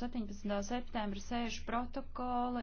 17. septembra sēžu protokola